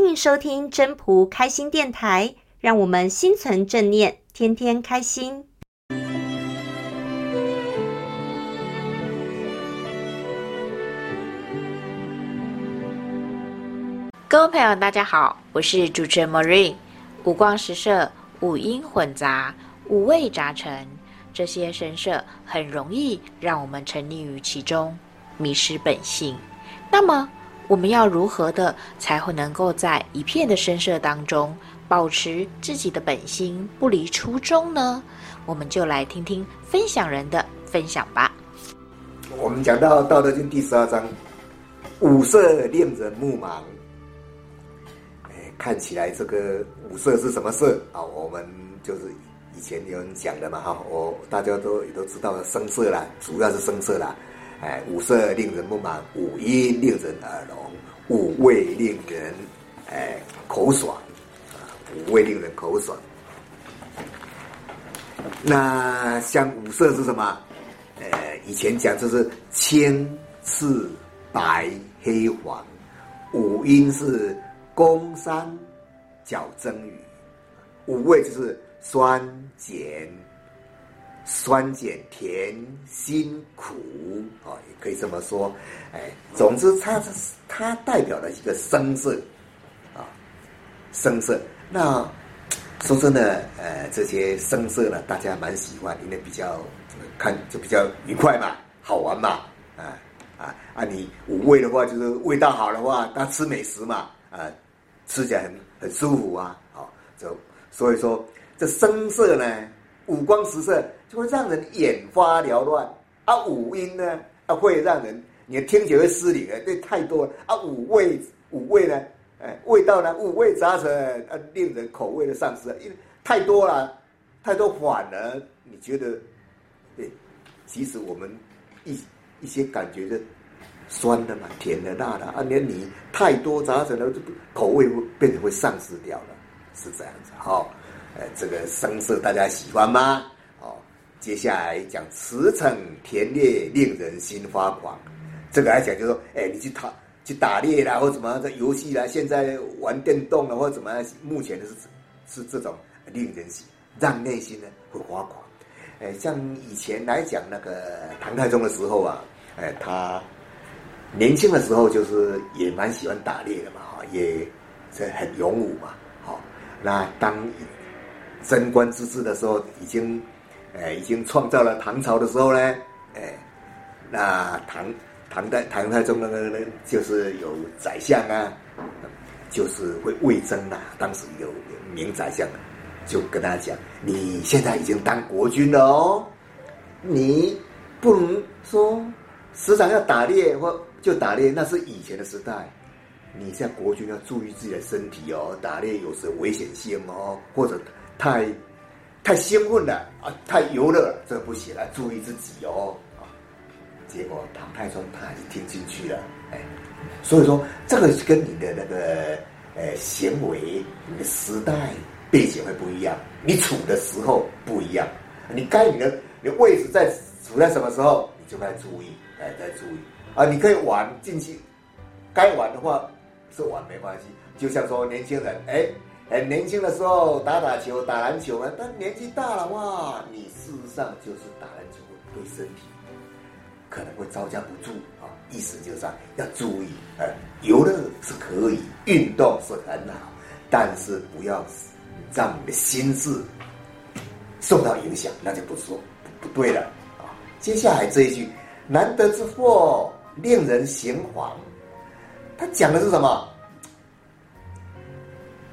歡迎收聽真樸開心電台，讓我們心存正念，天天開心。各位朋友，大家好，我是主持人 Marine。五光十色、五音混雜、五味雜陳，這些聲色很容易讓我們沉溺於其中，迷失本性。那麼，我們要如何的才會能夠在一片的聲色當中保持自己的本心，不離初衷呢？我們就來聽聽分享人的分享吧。我們講到《道德經》第十二章“五色令人目盲”，哎，看起來這個五色是什麼色啊？哦，我們就是以前有人講的嘛，哈，哦，我大家都也都知道的聲色啦，主要是聲色啦。哎、五色令人目盲，五音令人耳聾，五味令人、哎、口爽，啊，五味令人口爽。那像五色是什麼？呃，以前講就是青赤白黑黃。五音是宮商角徵羽。五味就是酸鹼。酸、鹼、甜、辛、苦，啊、哦，也可以這麼說，哎，總之它它代表了一個聲色，啊、哦，聲色。那說真的，呃，這些聲色呢，大家蠻喜歡，因為比較、呃、看就比較愉快嘛，好玩嘛，啊啊啊！你五味的話，就是味道好的話，大家吃美食嘛，啊、呃，吃起來很很舒服啊，啊、哦，就所以說這聲色呢。五光十色就會讓人眼花繚亂啊，五音呢啊會讓人你的聽起來會失靈，這太多了啊，五味五味呢，哎，味道呢，五味雜陳啊，令人口味的喪失，因為太多了，太多反而，你覺得，哎、欸，其實我們一一些感覺的酸的嘛、甜的、辣的啊，連你太多雜陳了，口味會變得會喪失掉了，是這樣子，好、哦。呃，這個聲色大家喜歡嗎？哦，接下來講馳騁田獵，令人心發狂。這個來講就是說，哎、呃，你去他去打獵啦，或怎麼在遊戲啦？現在玩電動啊或者怎麼樣？目前的是是這種令人心讓內心呢會發狂。哎、呃，像以前來講那個唐太宗的時候啊，哎、呃，他年輕的時候就是也蠻喜歡打獵的嘛，哈，也這很勇武嘛，好、哦，那當。貞觀之治的時候，已經，誒、哎，已經創造了唐朝的時候呢，誒、哎，那唐唐代唐太宗那個呢，就是有宰相啊，就是會魏徵吶、啊，當時有，有名宰相、啊，就跟他講，你現在已經當國君了哦，你不能說時常要打獵或就打獵，那是以前的時代，你像國君要注意自己的身體哦，打獵有時危險性哦，或者。太，太興奮了啊！太遊樂了，這不行了，注意自己哦、啊、結果唐太宗他還是聽進去了，哎，所以說這個跟你的那個呃行為、你的時代背景會不一樣，你處的時候不一樣，你該你的你位置在處在什麼時候，你就該注意，哎、呃，再注意啊！你可以玩進去，該玩的話是玩沒關係，就像說年輕人，哎。很年輕的時候打打球、打籃球啊，但年紀大了哇，你事實上就是打籃球對身體可能會招架不住啊。意思就是要注意，呃遊樂是可以，運動是很好，但是不要讓你的心智受到影響，那就不說不，不對了啊。接下來這一句“難得之貨令人行妨”，他講的是什麼？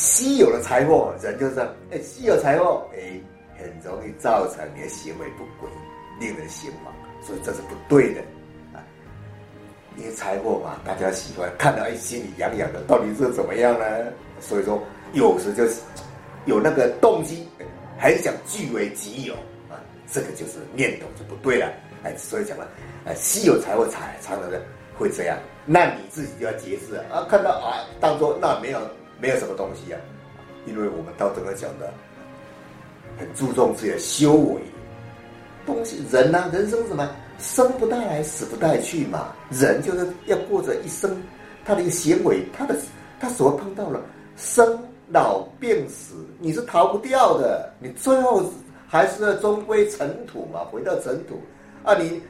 稀有的財貨，人就是哎、欸，稀有財貨，哎、欸，很容易造成你的行為不軌，令人心慌，所以這是不對的啊。因為財貨嘛，大家喜歡看到哎、欸，心裡癢癢的，到底是怎麼樣呢？所以說，有時就是有那個動機，很、欸、想據為己有啊，這個就是念頭就不對了哎、啊，所以講了、啊，稀有財貨，常常的人會這樣，那你自己就要節制啊，看到啊，當做那沒有。沒有什麼東西啊，因為我們道德講的很注重自己的修為。東西人呢、啊，人生什麼生不帶來，死不帶去嘛。人就是要過着一生，他的一個行為，他的他所碰到了生老病死，你是逃不掉的。你最後還是那終歸塵土嘛，回到塵土。啊，你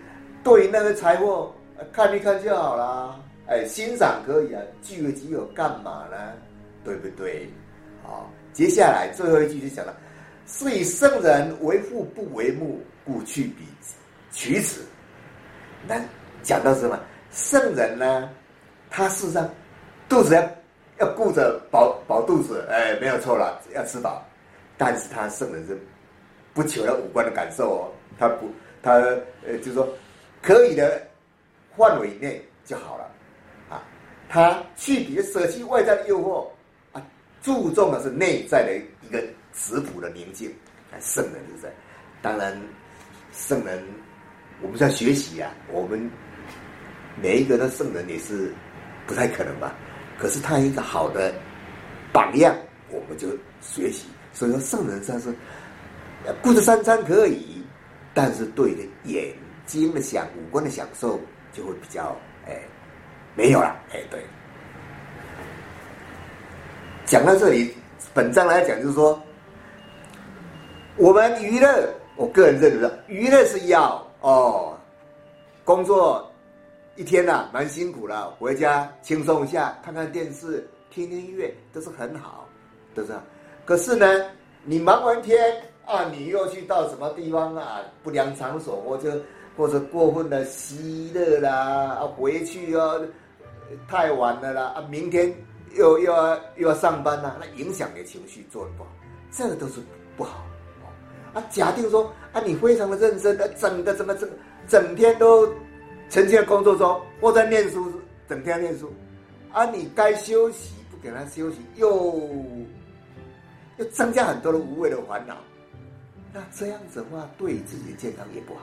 對於那個財貨，看一看就好啦，哎，欣賞可以啊，據為己有幹嘛呢？對不對？啊、哦，接下來最後一句就講了：是以聖人為腹不為目，故去彼取此。那講到什麼？聖人呢？他事實上肚子要要顧着飽飽肚子，哎，沒有錯了，要吃飽。但是他聖人是不求那五官的感受哦，他不他呃，就是、說可以的範圍以內就好了啊。他去彼捨棄外在的誘惑。注重的是內在的一個質樸的寧靜，聖人就在。當然，聖人，我們在學習啊，我們每一個的聖人也是不太可能吧？可是他一個好的榜樣，我們就學習。所以說，聖人算是，呃，顧著三餐可以，但是對眼睛的享、五官的享受就會比較哎、欸、沒有了，哎、欸，對。講到這裡，本章來講就是說，我們娛樂，我個人認為，娛樂是要哦，工作一天呐、啊，蠻辛苦了，回家輕鬆一下，看看電視，聽聽音樂，都是很好的，是吧？可是呢，你忙完天啊，你又去到什麼地方啊？不良場所，或者或者過分的嬉樂啦啊，回去哦，太晚了啦啊，明天。又又要又要上班吶、啊，那影響你的情緒，做得不好，這個、都是不好。不好啊，假定說啊，你非常的認真的，的整個怎麼整個，整天都沉浸在工作中，或在念書，整天念書，啊，你該休息不給他休息，又又增加很多的無謂的煩惱。那這樣子的話，對自己的健康也不好。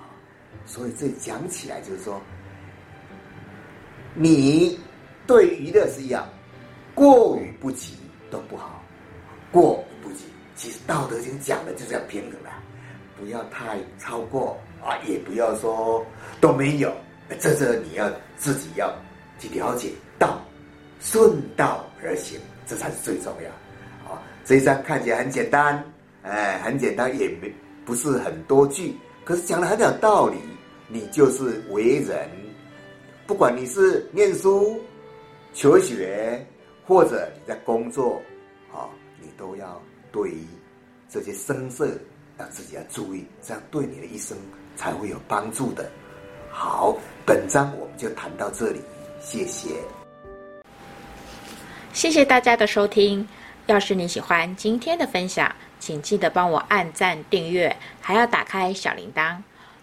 所以這講起來就是說，你對於娛樂是一樣。過與不及都不好，過與不及，其實《道德經》講的就是要平衡了，不要太超過啊，也不要說都沒有，這這你要自己要去了解道，順道而行，這才是最重要啊。所以哦，這一章看起來很簡單，哎、呃，很簡單，也沒不是很多句，可是講的很有道理。你就是為人，不管你是念書、求學。或者你在工作，啊，你都要對於這些聲色，讓自己要注意，這樣對你的一生才會有幫助的。好，本章我們就談到這裡，謝謝，謝謝大家的收聽。要是你喜歡今天的分享，請記得幫我按讚、訂閱，還要打開小鈴鐺。